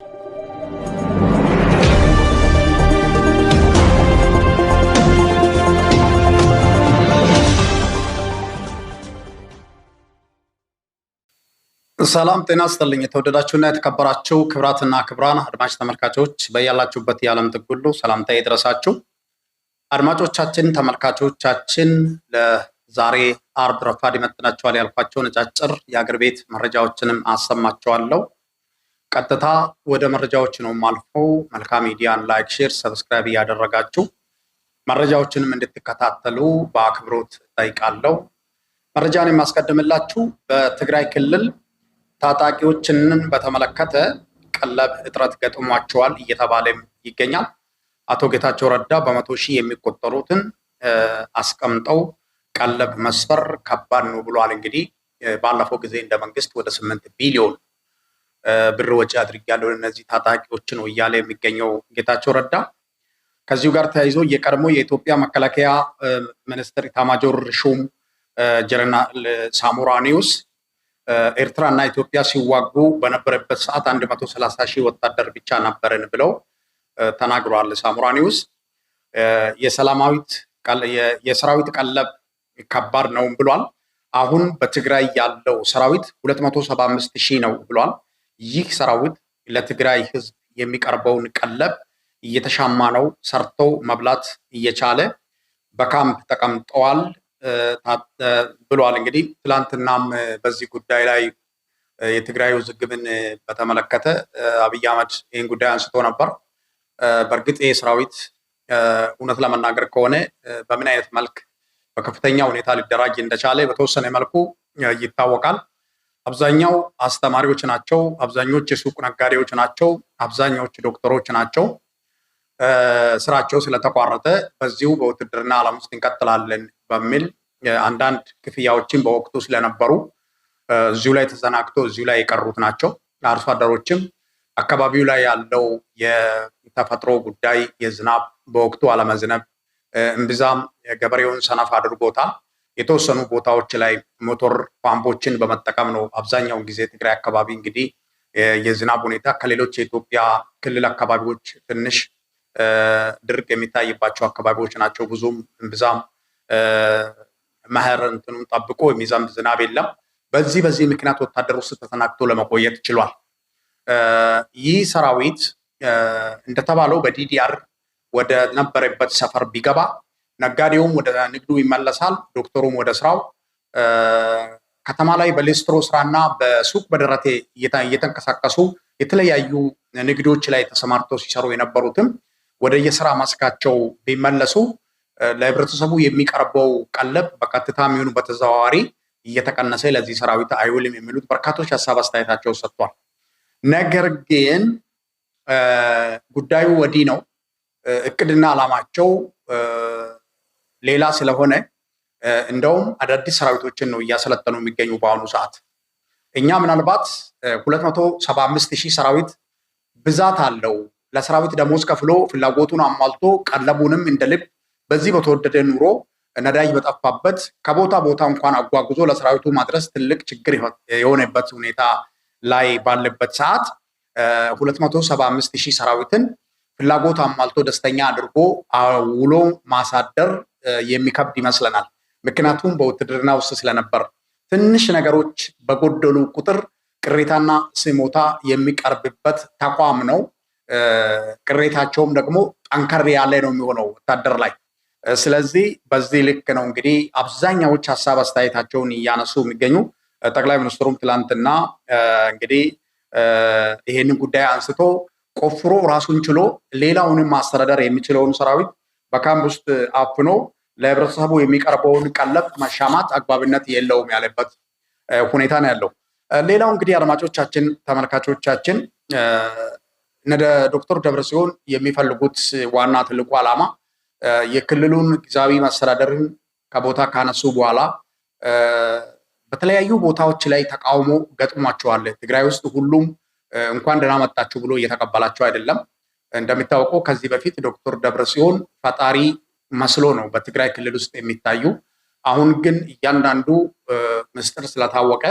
ሰላም ጤና ስጥልኝ። የተወደዳችሁና የተከበራችሁ ክብራትና ክብራን አድማጭ ተመልካቾች በያላችሁበት የዓለም ጥግ ሁሉ ሰላምታ ይድረሳችሁ። አድማጮቻችን፣ ተመልካቾቻችን ለዛሬ አርብ ረፋድ ይመጥናችኋል ያልኳቸውን አጫጭር የአገር ቤት መረጃዎችንም አሰማችኋለሁ። ቀጥታ ወደ መረጃዎች ነው ማልፈው። መልካም ሚዲያን ላይክ፣ ሼር፣ ሰብስክራይብ እያደረጋችሁ መረጃዎችንም እንድትከታተሉ በአክብሮት ጠይቃለሁ። መረጃን የማስቀድምላችሁ በትግራይ ክልል ታጣቂዎችንን በተመለከተ ቀለብ እጥረት ገጥሟቸዋል እየተባለም ይገኛል። አቶ ጌታቸው ረዳ በመቶ ሺህ የሚቆጠሩትን አስቀምጠው ቀለብ መስፈር ከባድ ነው ብሏል። እንግዲህ ባለፈው ጊዜ እንደ መንግስት ወደ ስምንት ቢሊዮን ብር ወጪ አድርጌያለሁ እነዚህ ታጣቂዎች ነው እያለ የሚገኘው ጌታቸው ረዳ። ከዚሁ ጋር ተያይዞ የቀድሞ የኢትዮጵያ መከላከያ ሚኒስትር ኢታማጆር ሹም ጀነራል ሳሞራ ኒውስ ኤርትራ እና ኢትዮጵያ ሲዋጉ በነበረበት ሰዓት አንድ መቶ ሰላሳ ሺህ ወታደር ብቻ ነበርን ብለው ተናግሯል ሳሙራ ኒውስ የሰራዊት ቀለብ ከባድ ነው ብሏል። አሁን በትግራይ ያለው ሰራዊት ሁለት መቶ ሰባ አምስት ሺህ ነው ብሏል። ይህ ሰራዊት ለትግራይ ህዝብ የሚቀርበውን ቀለብ እየተሻማ ነው። ሰርቶ መብላት እየቻለ በካምፕ ተቀምጠዋል ብሏል። እንግዲህ ትላንትናም በዚህ ጉዳይ ላይ የትግራይ ውዝግብን በተመለከተ አብይ አህመድ ይህን ጉዳይ አንስቶ ነበር። በእርግጥ ይህ ሰራዊት እውነት ለመናገር ከሆነ በምን አይነት መልክ በከፍተኛ ሁኔታ ሊደራጅ እንደቻለ በተወሰነ መልኩ ይታወቃል። አብዛኛው አስተማሪዎች ናቸው። አብዛኞች የሱቅ ነጋዴዎች ናቸው። አብዛኛዎች ዶክተሮች ናቸው። ስራቸው ስለተቋረጠ በዚሁ በውትድርና ዓለም ውስጥ እንቀጥላለን በሚል አንዳንድ ክፍያዎችን በወቅቱ ስለነበሩ እዚሁ ላይ ተዘናግቶ እዚሁ ላይ የቀሩት ናቸው። አርሶ አደሮችም አካባቢው ላይ ያለው የተፈጥሮ ጉዳይ የዝናብ በወቅቱ አለመዝነብ እምብዛም ገበሬውን ሰነፍ አድርጎታል። የተወሰኑ ቦታዎች ላይ ሞተር ፓምፖችን በመጠቀም ነው። አብዛኛውን ጊዜ ትግራይ አካባቢ እንግዲህ የዝናብ ሁኔታ ከሌሎች የኢትዮጵያ ክልል አካባቢዎች ትንሽ ድርቅ የሚታይባቸው አካባቢዎች ናቸው። ብዙም እምብዛም መኸር እንትኑን ጠብቆ የሚዘንብ ዝናብ የለም። በዚህ በዚህ ምክንያት ወታደር ውስጥ ተሰናግቶ ለመቆየት ችሏል። ይህ ሰራዊት እንደተባለው በዲዲአር ወደ ነበረበት ሰፈር ቢገባ ነጋዴውም ወደ ንግዱ ይመለሳል፣ ዶክተሩም ወደ ስራው። ከተማ ላይ በሌስትሮ ስራና በሱቅ በደረቴ እየተንቀሳቀሱ የተለያዩ ንግዶች ላይ ተሰማርተው ሲሰሩ የነበሩትም ወደ የስራ ማስካቸው ቢመለሱ ለህብረተሰቡ የሚቀርበው ቀለብ በቀጥታ የሚሆኑ በተዘዋዋሪ እየተቀነሰ ለዚህ ሰራዊት አይውልም የሚሉት በርካቶች ሀሳብ አስተያየታቸው ሰጥቷል። ነገር ግን ጉዳዩ ወዲህ ነው። እቅድና አላማቸው። ሌላ ስለሆነ እንደውም አዳዲስ ሰራዊቶችን ነው እያሰለጠኑ የሚገኙ በአሁኑ ሰዓት። እኛ ምናልባት 275 ሺህ ሰራዊት ብዛት አለው ለሰራዊት ደሞዝ ከፍሎ ፍላጎቱን አሟልቶ ቀለቡንም እንደ ልብ በዚህ በተወደደ ኑሮ ነዳጅ በጠፋበት ከቦታ ቦታ እንኳን አጓጉዞ ለሰራዊቱ ማድረስ ትልቅ ችግር የሆነበት ሁኔታ ላይ ባለበት ሰዓት 275 ሺህ ሰራዊትን ፍላጎት አሟልቶ ደስተኛ አድርጎ አውሎ ማሳደር የሚከብድ ይመስለናል። ምክንያቱም በውትድርና ውስጥ ስለነበር ትንሽ ነገሮች በጎደሉ ቁጥር ቅሬታና ስሞታ የሚቀርብበት ተቋም ነው። ቅሬታቸውም ደግሞ ጠንከር ያለ ነው የሚሆነው ወታደር ላይ። ስለዚህ በዚህ ልክ ነው እንግዲህ አብዛኛዎች ሀሳብ አስተያየታቸውን እያነሱ የሚገኙ ጠቅላይ ሚኒስትሩም ትላንትና እንግዲህ ይሄንን ጉዳይ አንስቶ ቆፍሮ ራሱን ችሎ ሌላውንም ማስተዳደር የሚችለውን ሰራዊት በካምፕ ውስጥ አፍኖ ለህብረተሰቡ የሚቀርበውን ቀለብ መሻማት አግባብነት የለውም ያለበት ሁኔታ ነው ያለው። ሌላው እንግዲህ አድማጮቻችን፣ ተመልካቾቻችን እነ ዶክተር ደብረጽዮን የሚፈልጉት ዋና ትልቁ ዓላማ የክልሉን ጊዜያዊ መስተዳደርን ከቦታ ካነሱ በኋላ በተለያዩ ቦታዎች ላይ ተቃውሞ ገጥሟቸዋል። ትግራይ ውስጥ ሁሉም እንኳን ደህና መጣችሁ ብሎ እየተቀበላቸው አይደለም። እንደሚታወቀው ከዚህ በፊት ዶክተር ደብረ ሲሆን ፈጣሪ መስሎ ነው በትግራይ ክልል ውስጥ የሚታዩ። አሁን ግን እያንዳንዱ ምስጢር ስለታወቀ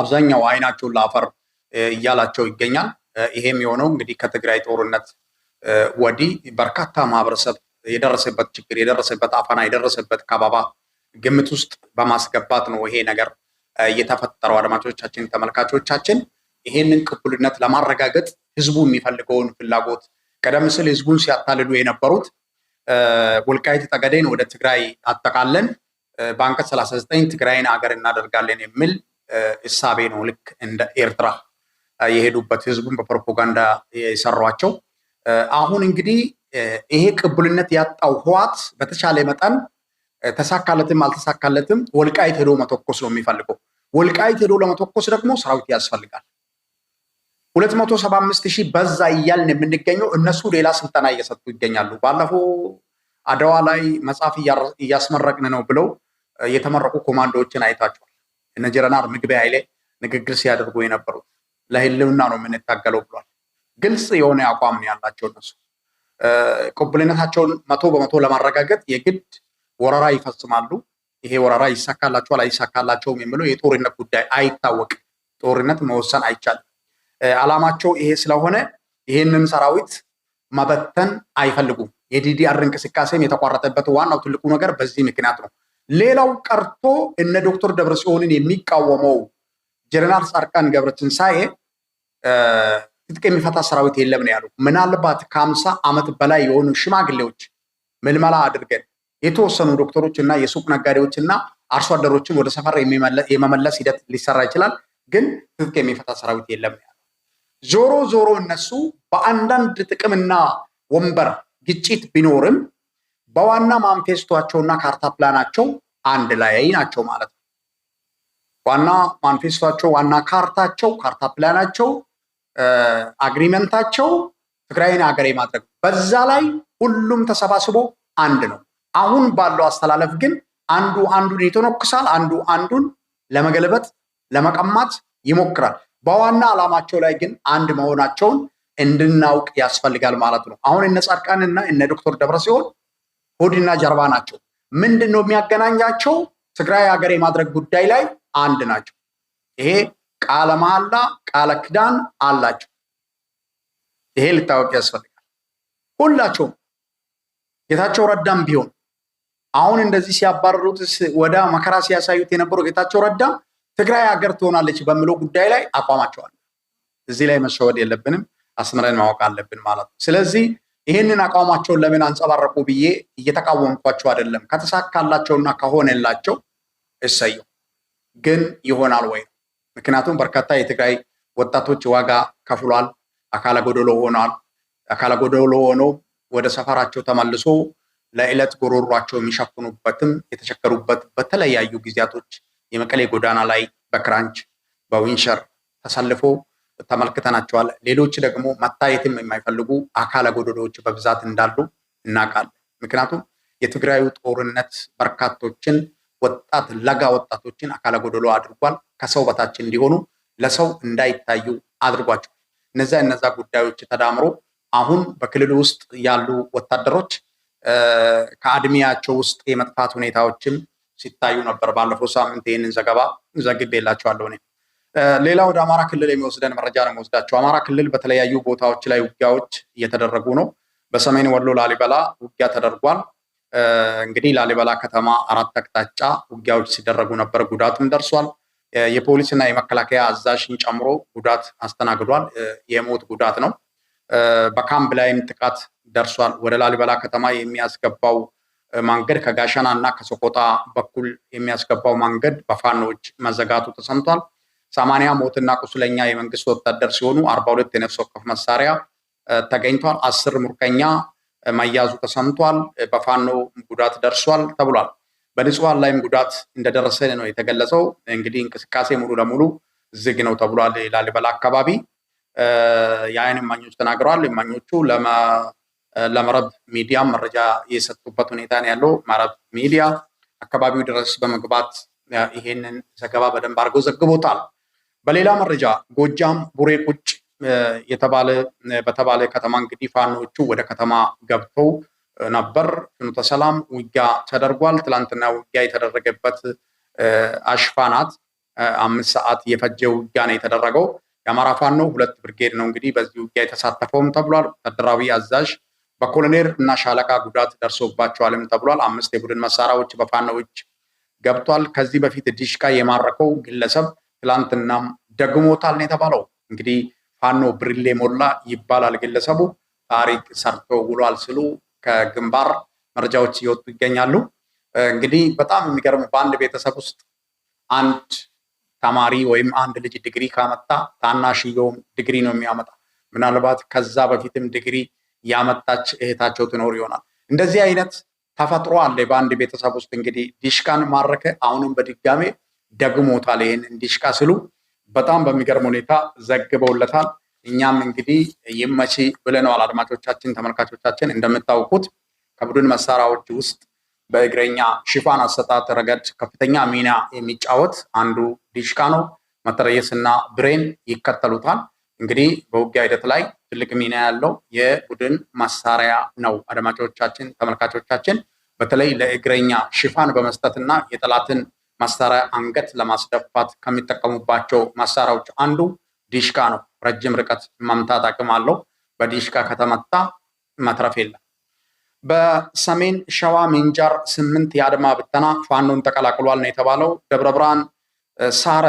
አብዛኛው አይናቸውን ለአፈር እያላቸው ይገኛል። ይሄም የሆነው እንግዲህ ከትግራይ ጦርነት ወዲህ በርካታ ማህበረሰብ የደረሰበት ችግር፣ የደረሰበት አፈና፣ የደረሰበት ከባባ ግምት ውስጥ በማስገባት ነው ይሄ ነገር የተፈጠረው። አድማጮቻችን፣ ተመልካቾቻችን ይሄንን ቅቡልነት ለማረጋገጥ ህዝቡ የሚፈልገውን ፍላጎት ቀደም ሲል ህዝቡን ሲያታልሉ የነበሩት ወልቃይት ጠገዴን ወደ ትግራይ አጠቃለን በአንቀጽ 39 ትግራይን አገር እናደርጋለን የሚል እሳቤ ነው። ልክ እንደ ኤርትራ የሄዱበት ህዝቡን በፕሮፓጋንዳ የሰሯቸው። አሁን እንግዲህ ይሄ ቅቡልነት ያጣው ህዋት በተቻለ መጠን ተሳካለትም አልተሳካለትም ወልቃይት ሄዶ መተኮስ ነው የሚፈልገው። ወልቃይት ሄዶ ለመተኮስ ደግሞ ሰራዊት ያስፈልጋል። ሁለት መቶ ሰባ አምስት ሺህ በዛ እያልን የምንገኘው እነሱ ሌላ ስልጠና እየሰጡ ይገኛሉ። ባለፈው አድዋ ላይ መጽሐፍ እያስመረቅን ነው ብለው የተመረቁ ኮማንዶዎችን አይታቸዋል። እነ ጀነራል ምግበይ ኃይሌ ንግግር ሲያደርጉ የነበሩት ለህልውና ነው የምንታገለው ብሏል። ግልጽ የሆነ አቋም ነው ያላቸው እነሱ ቅቡልነታቸውን መቶ በመቶ ለማረጋገጥ የግድ ወረራ ይፈጽማሉ። ይሄ ወረራ ይሳካላቸዋል አይሳካላቸውም የሚለው የጦርነት ጉዳይ አይታወቅም። ጦርነት መወሰን አይቻልም። አላማቸው ይሄ ስለሆነ ይህንን ሰራዊት መበተን አይፈልጉም። የዲዲአር እንቅስቃሴም የተቋረጠበት ዋናው ትልቁ ነገር በዚህ ምክንያት ነው። ሌላው ቀርቶ እነ ዶክተር ደብረጽዮንን የሚቃወመው ጀነራል ጻድቃን ገብረትንሳኤ ትጥቅ የሚፈታ ሰራዊት የለም ነው ያሉ። ምናልባት ከአምሳ ዓመት በላይ የሆኑ ሽማግሌዎች ምልመላ አድርገን የተወሰኑ ዶክተሮች እና የሱቅ ነጋዴዎች እና አርሶ አደሮችን ወደ ሰፈር የመመለስ ሂደት ሊሰራ ይችላል፣ ግን ትጥቅ የሚፈታ ሰራዊት የለም ነው ዞሮ ዞሮ እነሱ በአንዳንድ ጥቅምና ወንበር ግጭት ቢኖርም በዋና ማንፌስቶቸውና ካርታ ፕላናቸው አንድ ላይ ናቸው ማለት ነው። ዋና ማንፌስቶቸው፣ ዋና ካርታቸው፣ ካርታ ፕላናቸው፣ አግሪመንታቸው ትግራይን ሀገር የማድረግ በዛ ላይ ሁሉም ተሰባስቦ አንድ ነው። አሁን ባለው አስተላለፍ ግን አንዱ አንዱን ይተነኩሳል፣ አንዱ አንዱን ለመገልበጥ ለመቀማት ይሞክራል። በዋና ዓላማቸው ላይ ግን አንድ መሆናቸውን እንድናውቅ ያስፈልጋል ማለት ነው። አሁን እነ ጻድቃን እና እነ ዶክተር ደብረ ሲሆን ሆድና ጀርባ ናቸው። ምንድን ነው የሚያገናኛቸው? ትግራይ ሀገር የማድረግ ጉዳይ ላይ አንድ ናቸው። ይሄ ቃለ መሐላ ቃለ ክዳን አላቸው። ይሄ ልታወቅ ያስፈልጋል። ሁላቸውም ጌታቸው ረዳም ቢሆን አሁን እንደዚህ ሲያባረሩት ወደ መከራ ሲያሳዩት የነበረው ጌታቸው ረዳም? ትግራይ ሀገር ትሆናለች በሚለው ጉዳይ ላይ አቋማቸዋል። እዚህ ላይ መሸወድ የለብንም፣ አስምረን ማወቅ አለብን ማለት ነው። ስለዚህ ይህንን አቋማቸውን ለምን አንጸባረቁ ብዬ እየተቃወምኳቸው አይደለም። ከተሳካላቸውና ከሆነላቸው እሰየው፣ ግን ይሆናል ወይ? ምክንያቱም በርካታ የትግራይ ወጣቶች ዋጋ ከፍሏል፣ አካለ ጎደሎ ሆኗል። አካለ ጎደሎ ሆኖ ወደ ሰፈራቸው ተመልሶ ለዕለት ጎሮሯቸው የሚሸፍኑበትም የተቸገሩበት በተለያዩ ጊዜያቶች የመቀሌ ጎዳና ላይ በክራንች በዊንሸር ተሰልፎ ተመልክተናቸዋል። ሌሎች ደግሞ መታየትም የማይፈልጉ አካለ ጎዶሎዎች በብዛት እንዳሉ እናውቃለን። ምክንያቱም የትግራዩ ጦርነት በርካቶችን ወጣት ለጋ ወጣቶችን አካለ ጎዶሎ አድርጓል። ከሰው በታች እንዲሆኑ ለሰው እንዳይታዩ አድርጓቸው እነዚ እነዛ ጉዳዮች ተዳምሮ አሁን በክልል ውስጥ ያሉ ወታደሮች ከአድሜያቸው ውስጥ የመጥፋት ሁኔታዎችም ሲታዩ ነበር። ባለፈው ሳምንት ይህንን ዘገባ ዘግቤላችኋለሁ። እኔ ሌላ ወደ አማራ ክልል የሚወስደን መረጃ ነው የምወስዳቸው። አማራ ክልል በተለያዩ ቦታዎች ላይ ውጊያዎች እየተደረጉ ነው። በሰሜን ወሎ ላሊበላ ውጊያ ተደርጓል። እንግዲህ ላሊበላ ከተማ አራት አቅጣጫ ውጊያዎች ሲደረጉ ነበር። ጉዳትም ደርሷል። የፖሊስና የመከላከያ አዛዥን ጨምሮ ጉዳት አስተናግዷል። የሞት ጉዳት ነው። በካምፕ ላይም ጥቃት ደርሷል። ወደ ላሊበላ ከተማ የሚያስገባው መንገድ ከጋሸና እና ከሰቆጣ በኩል የሚያስገባው መንገድ በፋኖች መዘጋቱ ተሰምቷል። ሰማንያ ሞትና ቁስለኛ የመንግስት ወታደር ሲሆኑ አርባ ሁለት የነፍስ ወከፍ መሳሪያ ተገኝቷል። አስር ሙርቀኛ መያዙ ተሰምቷል። በፋኖ ጉዳት ደርሷል ተብሏል። በንጹሐን ላይም ጉዳት እንደደረሰ ነው የተገለጸው። እንግዲህ እንቅስቃሴ ሙሉ ለሙሉ ዝግ ነው ተብሏል። ላሊበላ አካባቢ የአይን እማኞች ተናግረዋል። እማኞቹ ለመ ለመረብ ሚዲያ መረጃ የሰጡበት ሁኔታ ነው ያለው። መረብ ሚዲያ አካባቢው ድረስ በመግባት ይሄንን ዘገባ በደንብ አድርገው ዘግቦታል። በሌላ መረጃ ጎጃም ቡሬ ቁጭ የተባለ በተባለ ከተማ እንግዲህ ፋኖቹ ወደ ከተማ ገብተው ነበር። ፍኖተ ሰላም ውጊያ ተደርጓል። ትላንትና ውጊያ የተደረገበት አሽፋናት አምስት ሰዓት የፈጀ ውጊያ ነው የተደረገው። የአማራ ፋኖ ሁለት ብርጌድ ነው እንግዲህ በዚህ ውጊያ የተሳተፈውም ተብሏል። ወታደራዊ አዛዥ በኮሎኔል እና ሻለቃ ጉዳት ደርሶባቸዋልም ተብሏል። አምስት የቡድን መሳሪያዎች በፋኖዎች እጅ ገብቷል። ከዚህ በፊት ዲሽቃ የማረከው ግለሰብ ትላንትናም ደግሞታል ነው የተባለው። እንግዲህ ፋኖ ብርሌ ሞላ ይባላል ግለሰቡ። ታሪክ ሰርቶ ውሏል ስሉ ከግንባር መረጃዎች እየወጡ ይገኛሉ። እንግዲህ በጣም የሚገርም በአንድ ቤተሰብ ውስጥ አንድ ተማሪ ወይም አንድ ልጅ ዲግሪ ካመጣ ታናሽየውም ዲግሪ ነው የሚያመጣ ምናልባት ከዛ በፊትም ዲግሪ ያመጣች እህታቸው ትኖር ይሆናል። እንደዚህ አይነት ተፈጥሮ አለ በአንድ ቤተሰብ ውስጥ እንግዲህ ዲሽቃን ማረከ። አሁንም በድጋሜ ደግሞታል። ይህንን ዲሽቃ ስሉ በጣም በሚገርም ሁኔታ ዘግበውለታል። እኛም እንግዲህ ይመቺ ብለነዋል። አድማጮቻችን፣ ተመልካቾቻችን እንደምታውቁት ከቡድን መሳሪያዎች ውስጥ በእግረኛ ሽፋን አሰጣጥ ረገድ ከፍተኛ ሚና የሚጫወት አንዱ ዲሽቃ ነው። መትረየስና ብሬን ይከተሉታል። እንግዲህ በውጊያ ሂደት ላይ ትልቅ ሚና ያለው የቡድን መሳሪያ ነው። አድማጮቻችን፣ ተመልካቾቻችን በተለይ ለእግረኛ ሽፋን በመስጠትና የጠላትን መሳሪያ አንገት ለማስደፋት ከሚጠቀሙባቸው መሳሪያዎች አንዱ ዲሽካ ነው። ረጅም ርቀት መምታት አቅም አለው። በዲሽካ ከተመታ መትረፍ የለም። በሰሜን ሸዋ ምንጃር ስምንት የአድማ ብተና ፋኖን ተቀላቅሏል ነው የተባለው። ደብረ ብርሃን ሳረ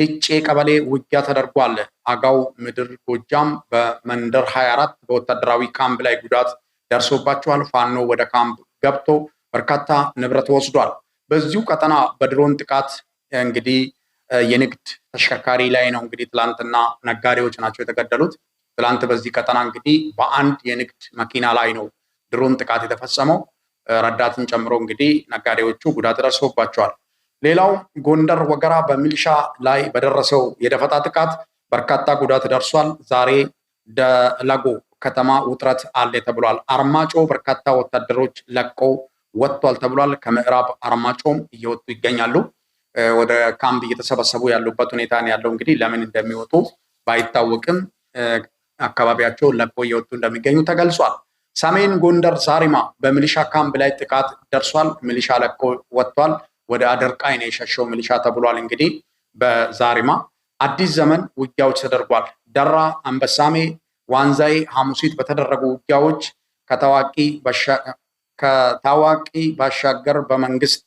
ልጬ ቀበሌ ውጊያ ተደርጓል። አጋው ምድር ጎጃም በመንደር 24 በወታደራዊ ካምፕ ላይ ጉዳት ደርሶባቸዋል። ፋኖ ወደ ካምፕ ገብቶ በርካታ ንብረት ወስዷል። በዚሁ ቀጠና በድሮን ጥቃት እንግዲህ የንግድ ተሽከርካሪ ላይ ነው እንግዲህ ትላንትና ነጋዴዎች ናቸው የተገደሉት። ትላንት በዚህ ቀጠና እንግዲህ በአንድ የንግድ መኪና ላይ ነው ድሮን ጥቃት የተፈጸመው። ረዳትን ጨምሮ እንግዲህ ነጋዴዎቹ ጉዳት ደርሶባቸዋል። ሌላው ጎንደር ወገራ በሚልሻ ላይ በደረሰው የደፈጣ ጥቃት በርካታ ጉዳት ደርሷል። ዛሬ ደላጎ ከተማ ውጥረት አለ ተብሏል። አርማጮ በርካታ ወታደሮች ለቀው ወጥቷል ተብሏል። ከምዕራብ አርማጮም እየወጡ ይገኛሉ። ወደ ካምፕ እየተሰበሰቡ ያሉበት ሁኔታ ነው ያለው። እንግዲህ ለምን እንደሚወጡ ባይታወቅም አካባቢያቸው ለቀው እየወጡ እንደሚገኙ ተገልጿል። ሰሜን ጎንደር ዛሪማ በሚሊሻ ካምፕ ላይ ጥቃት ደርሷል። ሚሊሻ ለቀው ወጥቷል። ወደ አደርቃይ ነው የሸሸው ሚሊሻ ተብሏል። እንግዲህ በዛሪማ አዲስ ዘመን ውጊያዎች ተደርጓል። ደራ፣ አንበሳሜ፣ ዋንዛዬ፣ ሐሙሲት በተደረጉ ውጊያዎች ከታዋቂ ባሻገር በመንግስት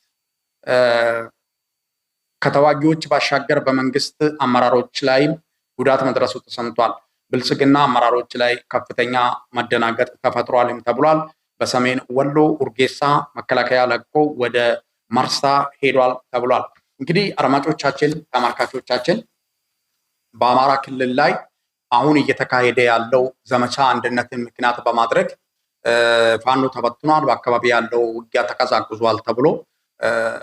ከተዋጊዎች ባሻገር በመንግስት አመራሮች ላይም ጉዳት መድረሱ ተሰምቷል። ብልጽግና አመራሮች ላይ ከፍተኛ መደናገጥ ተፈጥሯልም ተብሏል። በሰሜን ወሎ ኡርጌሳ መከላከያ ለቆ ወደ ማርሳ ሄዷል ተብሏል። እንግዲህ አድማጮቻችን፣ ተመልካቾቻችን በአማራ ክልል ላይ አሁን እየተካሄደ ያለው ዘመቻ አንድነትን ምክንያት በማድረግ ፋኖ ተበትኗል፣ በአካባቢ ያለው ውጊያ ተቀዛቅዟል ተብሎ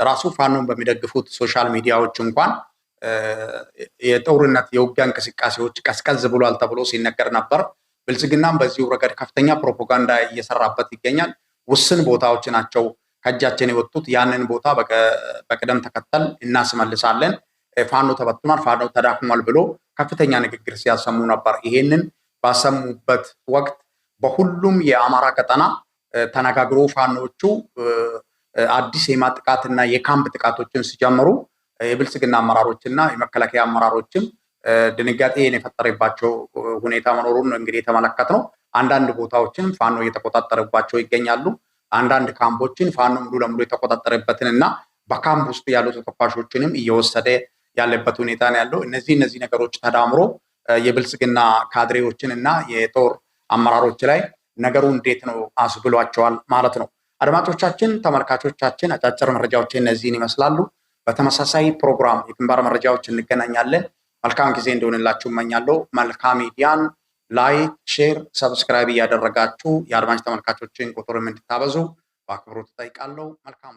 ራሱ ፋኖን በሚደግፉት ሶሻል ሚዲያዎች እንኳን የጦርነት የውጊያ እንቅስቃሴዎች ቀዝቀዝ ብሏል ተብሎ ሲነገር ነበር። ብልጽግናም በዚሁ ረገድ ከፍተኛ ፕሮፓጋንዳ እየሰራበት ይገኛል። ውስን ቦታዎች ናቸው ከእጃችን የወጡት ያንን ቦታ በቅደም ተከተል እናስመልሳለን፣ ፋኖ ተበትኗል፣ ፋኖ ተዳክሟል ብሎ ከፍተኛ ንግግር ሲያሰሙ ነበር። ይሄንን ባሰሙበት ወቅት በሁሉም የአማራ ቀጠና ተነጋግሮ ፋኖቹ አዲስ የማጥቃትና የካምፕ ጥቃቶችን ሲጀምሩ የብልጽግና አመራሮችና የመከላከያ አመራሮችም ድንጋጤን የፈጠረባቸው ሁኔታ መኖሩን እንግዲህ የተመለከት ነው። አንዳንድ ቦታዎችን ፋኖ እየተቆጣጠረባቸው ይገኛሉ። አንዳንድ ካምፖችን ፋኖ ሙሉ ለሙሉ የተቆጣጠረበትን እና በካምፕ ውስጥ ያሉ ተተኳሾችንም እየወሰደ ያለበት ሁኔታ ነው ያለው። እነዚህ እነዚህ ነገሮች ተዳምሮ የብልጽግና ካድሬዎችን እና የጦር አመራሮች ላይ ነገሩ እንዴት ነው አስብሏቸዋል ማለት ነው። አድማጮቻችን፣ ተመልካቾቻችን አጫጭር መረጃዎች እነዚህን ይመስላሉ። በተመሳሳይ ፕሮግራም የግንባር መረጃዎች እንገናኛለን። መልካም ጊዜ እንደሆንላችሁ እመኛለሁ። መልካም ሚዲያን ላይክ፣ ሼር፣ ሰብስክራይብ እያደረጋችሁ የአድማጭ ተመልካቾችን ቁጥርም እንድታበዙ በአክብሮት እጠይቃለሁ። መልካም